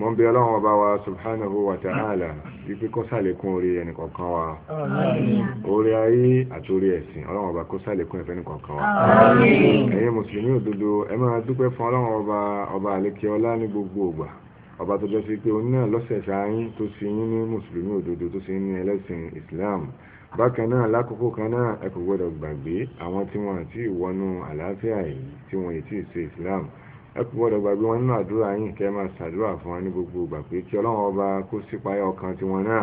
mọ́ bí ọlọ́run ọba wa subhanahu wa ta'ala wípé kó sàlékún orí ẹnì kọ̀ọ̀kan wa orí ayé àti orí ẹ̀sìn ọlọ́run ọba kó sàlékún ẹ̀fẹ́ nìkọ̀ọ̀kan wa ẹ̀yin mùsùlùmí òdodo ẹ máa dúpẹ́ fún ọlọ́run ọba ọba àlékè ọlá ní gbogbo ògbà ọba tó jọ sí pé òun náà lọ́sẹ̀ sáyín tó sì yín ní mùsùlùmí òdodo tó sì yín ní ẹlẹ́sìn Islam bákan náà lákòókò kan náà ẹ kò gbọdọ̀ gbàgbé àwọn tí wọn àti ìwọnú àlàáfíà yìí tí wọn ì ẹ kò gbọ́dọ̀ gbàgbé wọn nínú àdúrà yín kẹ́ máa ṣàdúrà fún wọn ní gbogbo ìgbà pé kí ọlọ́run ọba kó sípayá ọkàn tiwọn náà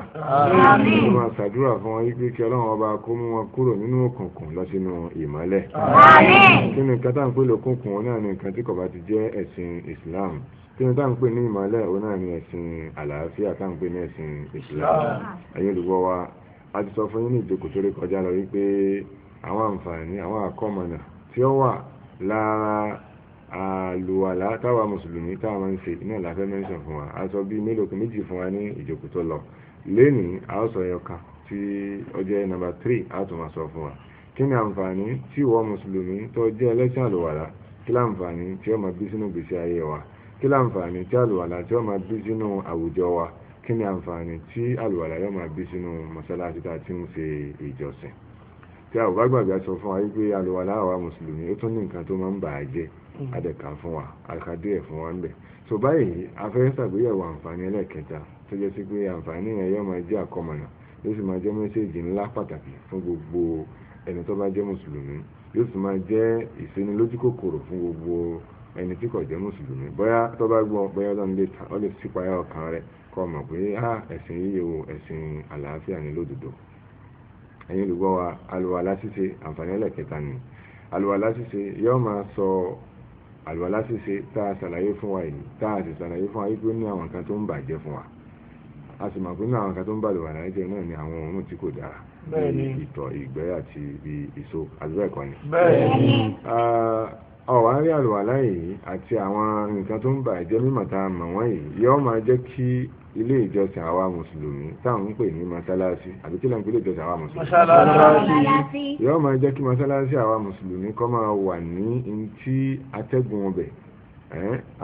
kí máa ṣàdúrà fún wọn wípé kí ọlọ́run ọba kó mú wọn kúrò nínú òkùnkùn lọ sínú ìmọ́lẹ̀ kí ni nǹkan tá à ń pè lókùnkùn òun náà ni nǹkan tí kò bá ti jẹ́ ẹ̀sìn Islam kí ni tá à ń pè ní ìmọ́lẹ̀ òun náà ni ẹ̀sìn àlàáfíà tá à ń pè ní ẹ̀sìn Islam ẹ̀yin olùgbọ́ wa a ti sọ fún yín ní àlùwàlá táwa mùsùlùmí táwa máa ń ṣe iná làfẹ́ mẹ́sàn fún wa a sọ bí mélòó kan méjì fún wa ní ìjòkó tó lọ lẹ́nìí a sọ ẹyọkan tí ó jẹ́ nàmbà 3 a tún máa sọ fún wa kí ni àǹfààní tí ìwọ mùsùlùmí tó jẹ́ ẹlẹ́sìn àlùwàlá kí láǹfààní tí ó máa bí sínú gbèsè ayé wa kí láǹfààní tí àlùwàlá tí ó máa bí sínú àwùjọ wa kí ni àǹfààní tí àlùwàlá yóò máa bí sínú mọ́sálásí tá a ti ń ṣe ìjọsìn tí a ò sọ fún wa wípé àlùwàlá àwa mùsùlùmí ó tún ní nǹkan tó máa ń bà á jẹ́ Mm. adẹ̀ka fún wa àkàdé ẹ̀ fún wa ń bẹ̀ so báyìí afẹ́fẹ́ ṣàgbéyẹ̀wò àǹfààní ẹlẹ́ẹ̀kẹta tó jẹ́ sí pé àǹfààní yẹn yóò máa jẹ́ àkọmọ̀nà yóò sì máa jẹ́ mẹ́sẹ̀gì ńlá pàtàkì fún gbogbo ẹni tó bá jẹ́ mùsùlùmí yóò sì máa jẹ́ ìsinilójú kòkòrò fún gbogbo ẹni tí kò jẹ́ mùsùlùmí bóyá tó bá gbọ́ bóyá ó lè sípayá ọkàn rẹ̀ kọ́ mọ̀ pé ẹ̀sìn yíyẹ o ẹ̀sìn àlàáfíà ni lódodo ẹ̀yin olùgbọ́ wa àlùwàlá ṣíṣe àǹfààní ẹlẹ́ẹ̀kẹta ni àlùwàlá ṣíṣe yóò máa sọ àlùwàlá ṣíṣe tá a ṣàlàyé fún wa yìí tá a sì ṣàlàyé fún wa yìí pé ní àwọn kan tó ń bàjẹ́ fún wa a sì mọ̀ pé ní àwọn kan tó ń bàlùwà láyé jẹ́ náà ni àwọn òórùn tí kò dára bí ìtọ̀ ìgbẹ́ àti bí ìso àdúrà ẹ̀kọ́ ni. ọ̀wá rí àlùwàlá yìí àti àwọn nǹkan tó ń bàjẹ́ mímọ̀ tá a mọ̀ wọ́n yìí yóò máa jẹ́ kí ilé ìjọsìn àwa mùsùlùmí táwọn ń pè ní masalasi àbí kí ló ń pè ilé ìjọsìn àwa mùsùlùmí. masalasi. yóò máa jẹ́ kí masalasi àwa mùsùlùmí kọ́ máa wà ní ntí atẹ́gùn ọbẹ̀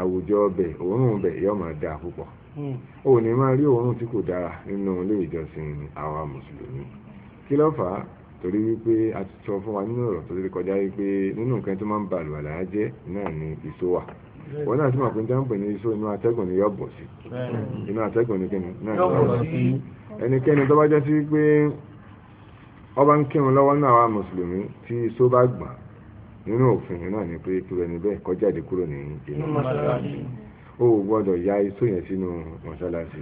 àwùjọ ọbẹ̀ òórùn ọbẹ̀ yóò máa dáa púpọ̀. Hmm. o ní máa rí òórùn tí kò dára nínú ilé ìjọsìn àwa mùsùlùmí. kí ló fà á torí wípé a ti sọ fún wa nínú ọ̀rọ̀ tó ti kọjá wípé nínú nǹkan tó máa ń balùwà láàjẹ́ náà ni ìṣó wà. wọn náà sì mọ̀ pé ní iṣu inú atẹ́gùn ni yọ̀bù sí inú atẹ́gùn ni kíni náà ẹnikẹ́ni tó bá jẹ́ sí ọba ń kírun lọ́wọ́ náà wà mùsùlùmí tí iṣu bá gbà nínú òfin náà ni pé kúrò níbẹ̀ kọjáde kúrò ní inú mọ́ṣáláṣí ó gbọ́dọ̀ ya iṣu yẹn sínú mọ́ṣáláṣí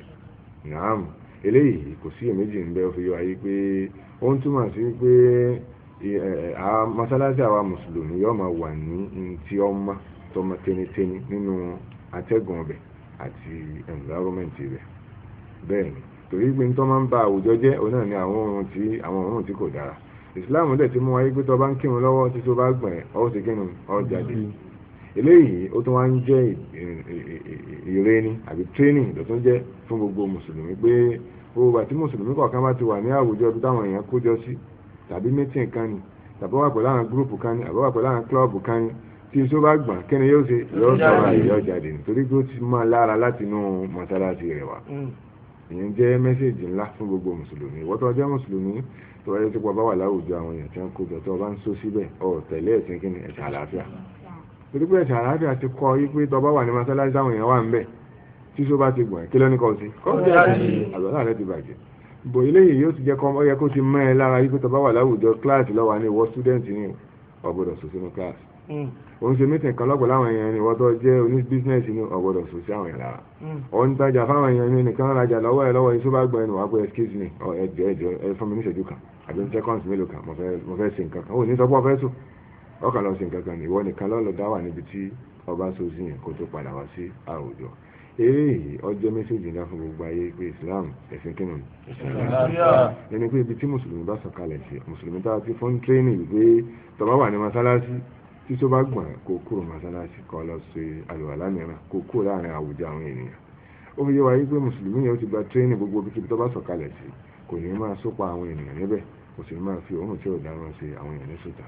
eléyìí kò sí èméjì ń tó mọ́ tẹnitẹni nínú atẹ́gùn ọbẹ̀ àti environment rẹ̀ bẹ́ẹ̀ ni torí pé tó máa ń ba àwùjọ jẹ́ òun ni àwọn òórùn tí àwọn òórùn tí kò dára ìsìláàmù dẹ̀ ti mú wáyé pé tó bá ń kírun lọ́wọ́ tí tó bá gbọ̀n ẹ̀ ọ́ ti kírun ọ́ jáde eléyìí ó tún wá ń jẹ́ ìreni àbí training ló tún jẹ́ fún gbogbo mùsùlùmí pé gbogbo àti mùsùlùmí kọ̀ọ̀kan bá ti wà ní àwùjọ ibi táwọn èèyàn kójọ sí tàbí meeting kan ni tàbí wà pẹ̀lú àwọn gúrùpù kan ni àbí wà pẹ̀lú àwọn kílọ̀bù kan ni tí iṣó bá gbà kí ni yóò ṣe yóò sọ̀rọ̀ àyè yóò jáde nítorí pé ó ti máa lára láti inú mọ́sálásí rẹ̀ wá hmm. ìyẹn jẹ́ mẹ́sẹ̀jì ńlá fún gbogbo mùsùlùmí wọ́n tó jẹ́ mùsùlùmí tó wáyé tó bá wà láwùjọ àwọn èèyàn tí wọ́n kó jọ tó bá ń sọ síbẹ̀ ọ̀ tẹ̀lé ẹ̀sìn kí ni ẹ̀sìn àlàáfíà torí pé ẹ̀sìn àlàáfíà ti kọ́ yí pé tó bá wà ní mọ́sálásí táwọn èèyàn wà ń bẹ̀ tí só bá ti gbọ̀n kí ló ní kọ́ sí kọ́ọ̀tì àlọ́lá rẹ ti òun mm. ṣe mítìn kan lọ́pọ̀ láwọn èèyàn ni wọ́n tó jẹ́ oní bísínẹ́sì ní ọ̀gbọ́dọ̀ sùn sí àwọn ìlara òun mm. tajà fáwọn èèyàn ni nìkan rajà lọ́wọ́ ẹ lọ́wọ́ iṣẹ́ bá gbọ́ ẹnu wàá pé excuse me ẹjọ ẹjọ ẹ fún mi ní ìṣẹ́jú kan àbí ní seconds mélòó kan mo fẹ́ ṣe nǹkan kan ó ní sọ pé ọ fẹ́ sùn ọkàn lọ ṣe nǹkan kan ìwọ nìkan lọ́lọ́ dá wà níbi tí ọba so sí yẹn kó tó padà wá sí àwùjọ eré yìí ọjọ́ mẹ́sẹ̀jì ńlá fún gbogbo ayé pé Islam ẹ̀sìn kínú ẹni pé ibi tí mùsùlùmí bá sọ̀kalẹ̀ sí mùsùlùmí tá a ti fún tírénì pé tọ́ba wà ní masalasi tí tó bá gbọ̀n kó kúrò mọ́sálásí kan lọ sí àlùwàlá mìíràn kó kúrò láàrin àwùjọ àwọn ènìyàn ó fi yé wa wípé mùsùlùmí yẹn ó ti gba tírénì gbogbo ibi tó bá sọ̀kalẹ̀ sí kò ní máa sópa àwọn ènìyàn níbẹ̀ kò sì ní máa fi òórùn tí ò dáná sí àwọn èèyàn ní sùtà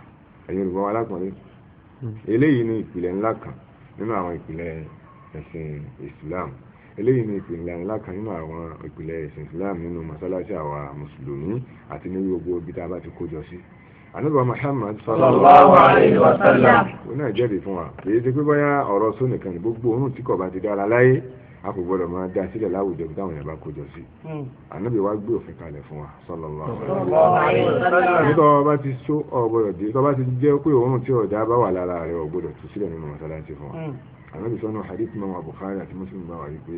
ẹ̀yin olùkọ́ wa lápọ̀nlé eléyìí ni ìpìlẹ̀ ńlá kan nínú àwọn ìpìlẹ̀ ẹ̀sìn Islam eléyìí ni ìpìlẹ̀ ńlá kan nínú àwọn ìpìlẹ̀ ẹ̀sìn Islam nínú mọ́sálásí àwa mùsùlùmí àti ní gbogbo ibi tá a bá ti kójọ sí ànábà Muhammad sallallahu alayhi wa sallam ó náà jẹ́rìí fún wa kì í ṣe pé bóyá ọ̀rọ̀ sọ nìkan ní gbogbo ohun tí kò bá ti dára láyé a kò gbọdọ̀ máa dá sílẹ̀ láwùjọ bí táwọn yàrá kó jọ sí hmm. ànábì wa gbé òfin kalẹ̀ fún wa sallallahu alaihi wasallam nígbà wọn bá ti só ọgbọdọ̀ dé tọ́ bá ti jẹ́ pé òórùn tí ọ̀dà bá wà lára rẹ̀ ọgbọdọ̀ tú sílẹ̀ nínú mọ́sálásí fún wa hmm. ànábì sọ́nà hadith mọ́ wa Bukhari àti Muslim bá wà wípé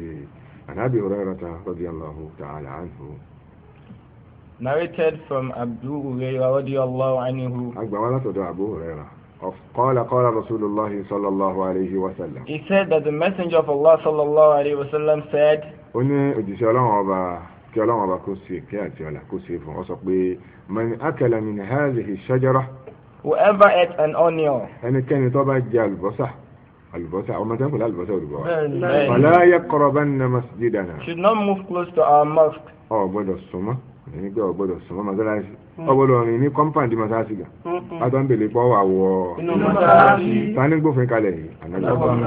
ànábì Hurairata radiyallahu ta'ala anhu narrated from Abu Hurairah radiyallahu anhu. Agbawa látọ̀dọ̀ Abu Hurairah. Of qala qala Rasulullah sallallahu alayhi wa sallam. He said that the messenger of Allah sallallahu alayhi wa sallam said. Ó ní òjìṣẹ́ ọlọ́run ọba kí ọlọ́run ọba kó ṣe kí àti ọ̀la kó ṣe fún ọ sọ pé man akala min hadhihi shajara. Whoever ate an onion. Ẹnikẹ́ni tó bá jẹ àlùbọ́sà àlùbọ́sà ọmọ tẹ́ ń pèlú àlùbọ́sà olùbọ̀ wa. Fala yaqrabanna masjidana. Should not move close to our mosque. Ọ̀ gbọ́dọ̀ súnmọ́ ní pé o gbọ́dọ̀ sùn mọ́ mọ́sálásí hmm. rìn ní kọ́ńpàǹdì mọ́sálásí gà pátá hmm, hmm. ń bèlè wà wọ tani gbófin kalẹ̀ yìí àwọn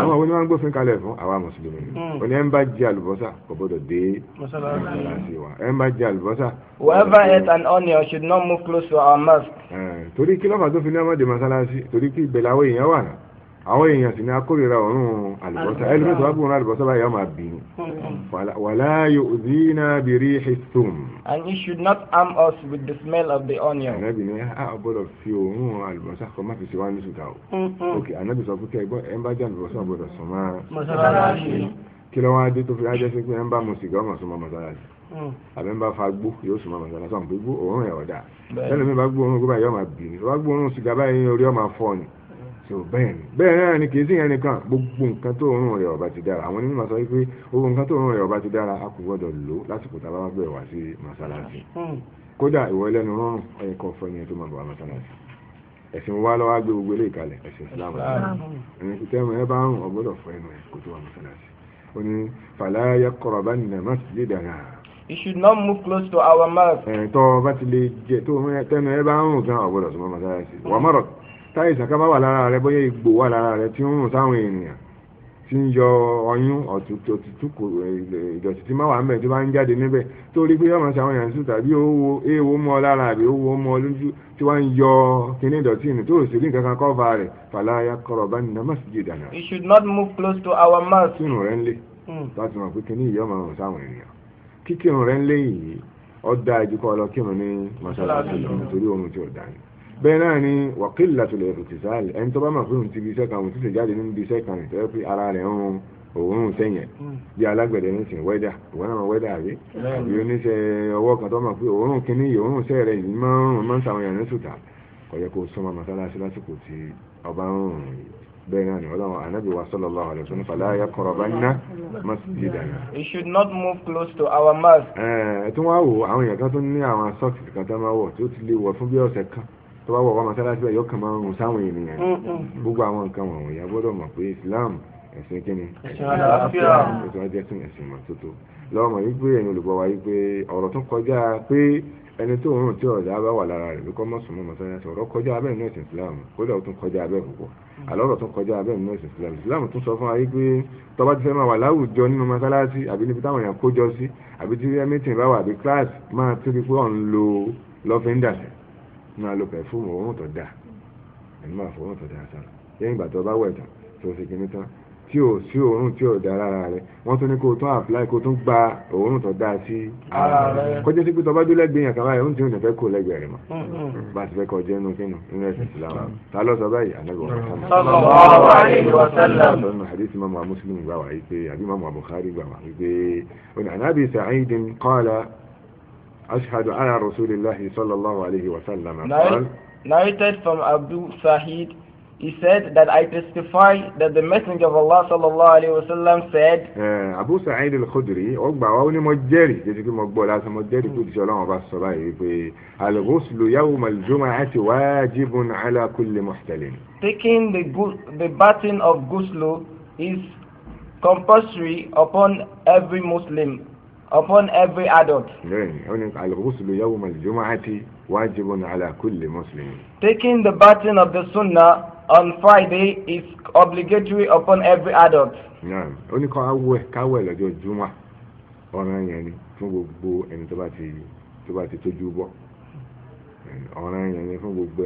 àwọn onímọ̀ gbófin kalẹ̀ fún àwa mùsùlùmí o ẹ̀ ń bá jẹ àlùbọ́sà o dé mọ́sálásí wa ẹ̀ ń bá jẹ àlùbọ́sà. whoever ate an onion should not move close to our mosque. Eh, torí kí lọ́fà tó fi ní ọmọdé mọ́sálásí torí kí ìgbèláwó èèyàn wà náà àwọn èèyàn sì ni akórira ọ̀run àlùbọ́sà ẹlẹ́mẹ̀tì wàá bùnú àlùbọ́sà báyìí ọmọ àbí wàlá yóò dí iná bìrì hìtùm. and you should not arm us with the smell of the onion. ànábì ni a gbọ́dọ̀ fi òórùn àlùbọ́sà kọ́ má fi ṣe wá ní ṣùgbọ́n o. ok ànábì sọ fún kí ẹ ẹ ń bá jẹ́ àlùbọ́sà gbọ́dọ̀ sọ máa. mọ̀sálásí. kí ló wá dé tó mm. ń bá fa gbó yóò sùn máa mọ̀sálásí àwọn gbogbo òórùn ẹ̀ ọ̀dà lẹ́nu mi bá gbó òórùn gbó báyìí ọmọ àbí ni bá gbó òórùn sìgá báyìí orí ọmọ afọ ni so bẹ́ẹ̀ ni bẹ́ẹ̀ náà ni kìí sí yẹn nìkan gbogbo nǹkan tó òórùn rẹ̀ ọ̀bá ti dára àwọn onímọ̀ sọ wípé gbogbo nǹkan tó òórùn rẹ̀ ọ̀bá ti dára a kò gbọ́dọ̀ lò lásìkò tá a bá bẹ̀rẹ̀ wá sí mọ́sálásí hmm. kódà ìwọ ẹlẹ́nu rọrùn ọyẹ kọ́ fún ẹni tó máa bọ̀ wá ẹ̀sìn wa lọ́wọ́ gbé gbogbo ilé ìkalẹ̀ ẹ̀sìn Islam ẹni tí tẹ́mu ẹ bá ń ọgbọ́dọ̀ fọ ẹnu ẹ kó tó wá mọ́sálásí ó ní fala yaqrabanna masjidana you should not move close to our mouth. ẹ̀ tọ́ bá ti lè jẹ tó tẹ́nu ẹ bá ń rùn gan ọgbọ́dọ̀ sọ mọ́ mọ́sálásí wàmọ́rọ̀ táìsàn kan wà lára rẹ bóyá egbò wà lára rẹ tí ń rùn sáwọn ènìyàn tí ń yọ ọyún ọ̀tútù ìdọ̀tí tí má wà mẹ́ tó bá ń jáde níbẹ̀ tó pé ọmọ sáwọn èèyàn sùn tàbí owó èèwọ̀ mọ́ lára àbí owó mọ́ lójú tí wọ́n ń yọ kíní ìdọ̀tí nù tó sì rí nǹkan kan kọ́va rẹ̀ fàlàyà kọ̀rọ̀ bá nínú masjidana. you should not move close to our mosque. kírun rẹ̀ ń lé láti hmm. mọ̀ pé kíní ìyá ọmọ ọ̀hún sáwọn ènìyàn kíkírun rẹ̀ ń lé yìí ọ bẹ́ẹ̀ náà ni wàkìlì látòlè ìrùtìsáàlì ẹni tó bá máa fún ti fi iṣẹ́ kan òun títí jáde nínú ibi iṣẹ́ kan rẹ̀ tẹ́lẹ̀ pé ara rẹ̀ ń rún òórùn sẹ́yìn bí alágbẹ̀dẹ ní sìn wẹ́dà ìwọ náà wẹ́dà rí bí oníṣẹ́ ọwọ́ kan tó máa pé òórùn kínní òórùn sẹ́ẹ̀ rẹ̀ yìí máa ń máa ń sàwọn èèyàn ní sùtà kò yẹ kó súnmọ́ mọ́sálásí lásìkò tí ọba ń rún bẹ́ẹ̀ náà ni ọlọ́run anábì wa sallallahu alaihi wasallam fala yaqrabanna masjidana. you should not move close to our mosque. ẹ ẹ tí wọ́n á wò àwọn èèyàn kan tó ní àwọn sọ́ọ̀kì kan tó máa wọ̀ tó ti lè wọ̀ fún bí ọ̀sẹ̀ kan tó bá wọ̀ wá mọ́sálásí ẹ̀ yóò kàn máa ń rùn sáwọn ènìyàn mm, mm. gbogbo àwọn nǹkan wọ̀nyí a gbọ́dọ̀ mọ̀ pé Islam ẹ̀sìn kíni ẹ̀sìn àlàáfíà ẹ̀sìn ọjọ́ ẹ̀sìn ẹ̀sìn mọ́tótó lọ́wọ́ mọ̀ wípé ẹ̀yin olùgbọ́ wa wípé ọ̀rọ̀ tó kọjá pé ẹni tó ń rùn tí ọ̀dà bá wà lára rẹ̀ bíkọ́ mọ̀sùn mọ́ mọ́sálásí ọ̀rọ̀ kọjá abẹ́ nínú ẹ̀sìn Islam kódà ó tún kọjá abẹ́ púpọ̀ mm. àlọ́rọ̀ tún kọjá abẹ́ nínú ẹ̀sìn Islam Islam tún sọ fún wa wípé tọ́ba ti fẹ́ máa wà láwùjọ nínú mọ́sálásí àbí níbi táwọn èèyàn kójọ sí àbí tí mítìn bá wà àbí class máa tó kí pé ọ̀ ń lo lọ́fíńdà sí máa lo pẹ̀fúmù òórùn tó dáa ẹni máa fọ tó dáa sára lẹ́yìn ìgbà tó bá wẹ̀ tán tó ṣe kíní tán tí ò sí òórùn tí ò dáa lára rẹ wọ́n tún ní kó o tún àpláì kó o tún gba òórùn tó dáa sí ara rẹ kọjá sí pé tó bá dúró lẹ́gbẹ̀ẹ́ yẹn kàwáyé oúnjẹ òun fẹ́ kó lẹ́gbẹ̀ẹ́ rẹ mọ́ mm, mm. bá a ti fẹ́ kọ inú kínú inú ẹ̀sìn ìsìlámù mm. ta ló sọ báyìí ànágbọ̀n sọ́nà hadith mamu muslim gbà wá yìí pé àbí mamu bukhari gbà wá yìí pé ọ̀nà anábì sa'idin qala أشهد على رسول الله صلى الله عليه وسلم narrated from Abu Sa'id he said that I testify that the messenger of Allah صلى الله عليه وسلم said. Eh, Abu Sa'id al-Khudri ó gbà wá ó ní mo jẹ́rìí jẹ́sí pé mo gbọ́ lásán mo jẹ́rìí kó tíṣe ọlọ́run ọba sọ báyìí pé al-ghuslu yawm al-jum'ati wajibun ala kulli muhtalim. Taking the the baton of ghuslu is compulsory upon every Muslim upon every adult. taking the bathing of the sunnah on friday is obligatory upon every adult. ọ̀ràn yẹn ni fún gbogbo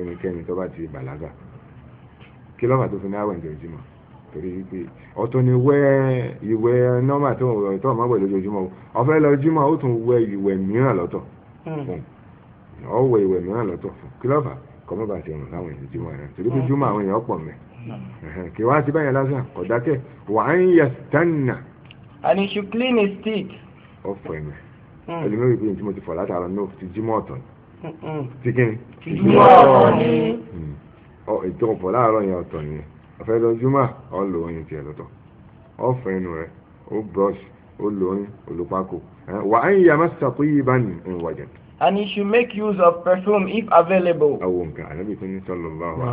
ẹnikẹ́ni tó bá ti bàlágà kí ló tó fi ní àwẹ̀ ìjọ ìjímọ̀ torí pé ọ̀tún ni wẹ́ ìwẹ̀ nọ́mà tó ọmọ wẹ̀ lójoojúmọ́ ó fẹ́ lọ jímọ̀ ó tún wẹ̀ hmm. ìwẹ̀ mìíràn lọ́tọ̀ fún ọ wẹ̀ ìwẹ̀ mìíràn lọ́tọ̀ fún kí ló ti rùn láwọn èèyàn jímọ̀ rẹ̀ torí pé hmm. jímọ̀ àwọn èèyàn pọ̀ mẹ́ hmm. kí wá sí báyẹn lásán ọ̀dákẹ́ wà á ń yẹ tánà. and you should clean his teeth. ọ̀pọ̀ ẹ̀mẹ̀ ẹlòmíràn ìpè ní tí mo ti fọ̀ látara náà ti jímọ̀ ọ̀tọ̀ ti kí ni. jímọ̀ ọ̀tọ̀ ni. ọ̀ ètò ọ̀pọ̀ láàárọ̀ yẹn ọ̀tọ̀ ni ọ̀fẹ́ lọ júmọ́ oyin tiẹ̀ lọ́tọ̀ ọ̀fẹ́ inú rẹ̀ ó brush ó lò oyin olùpakò wà á ń yà má sàkó yìí bá ní ìwàjẹ̀. and you should make use of perfume if available. àwọn nǹkan ànábì tó ní sọlọ bá wà.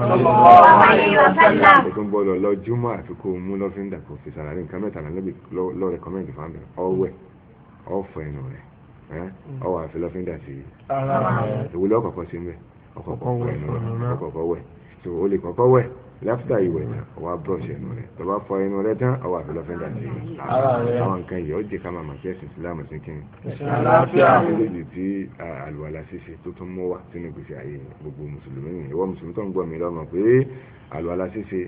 o tún gbọ́dọ̀ lọ júmọ́ àfi kó o mú lọ́fíńdà fi sàlàyé nǹkan mẹ́ta ànábì lọ recommend fáwọn ọwẹ́ ọ̀fẹ́ inú rẹ̀ ọwọ́ àfi lọ́fíńdà sí i. ìwúlẹ̀ ọ̀kọ̀ọ̀kọ̀ sí ń bẹ̀ ọ̀kọ̀ọ̀kọ̀ wẹ̀ láfíà ìwẹ̀ náà ọwọ́ bọ́ọ̀sì ẹnu rẹ̀ tọba fọ ẹnu rẹ̀ tán ọwọ́ àfẹlẹ́fẹ́ńdà sí i àwọn nǹkan yìí ó jẹ́ ká máa màkí ẹ̀sìn ìsìláàmù sí kí ni. méjèèjì tí àlùwàlà ṣíṣe sisi tún mọ́ wá sínú ìgbésí ayé gbogbo mùsùlùmí nìyẹn ìwọ mùsùlùmí tó ń gbọ́ mi lọ́mọ pé àlùwàlà ṣíṣe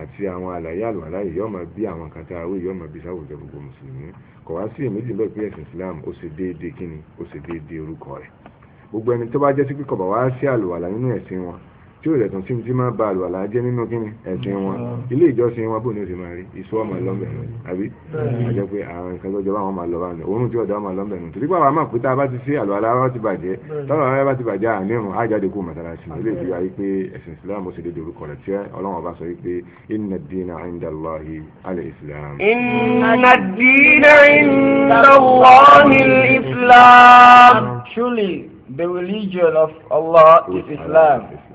àti àwọn àlàyé àlùwàlà yìí yọ́ máa bí àwọn kan tá a ma yọ́ máa bí sáwùjọ gbogbo mùsùlùmí kò wá sí èméjì bẹ́ẹ̀ pé ẹ̀sìn Islam ó ṣe déédéé kíni ó ṣe déédéé orúkọ rẹ̀ gbogbo ẹni tó bá jẹ́ sí pé kò wá sí àlùwàlà nínú ẹ̀sìn wọn tí ó rẹ̀tún sí ti máa ba àlùwàlá jẹ́ nínú kíni ẹ̀sìn wọn ilé ìjọsìn wọn bóun ni ó sì máa rí ìṣó ọmọ lọ́mbẹ̀ nù àbí àjọ pé àwọn nǹkan tó jọba máa lọ bá nù òórùn tí ọ̀dà máa lọ́mbẹ̀ nù torí pé àwọn àmọ̀ pé ti ṣe àlùwàlá wa ti bàjẹ́ tọ́lọ̀ rẹ bá ti bàjẹ́ àní ìrùn àjáde kú màtàlásì ilé ìfìyà yìí pé ẹ̀sìn Islam ó sì dédé orúkọ rẹ̀ tí Ọlọ́run ọba sọ pé inna islam Truly, the religion of Allah is Islam.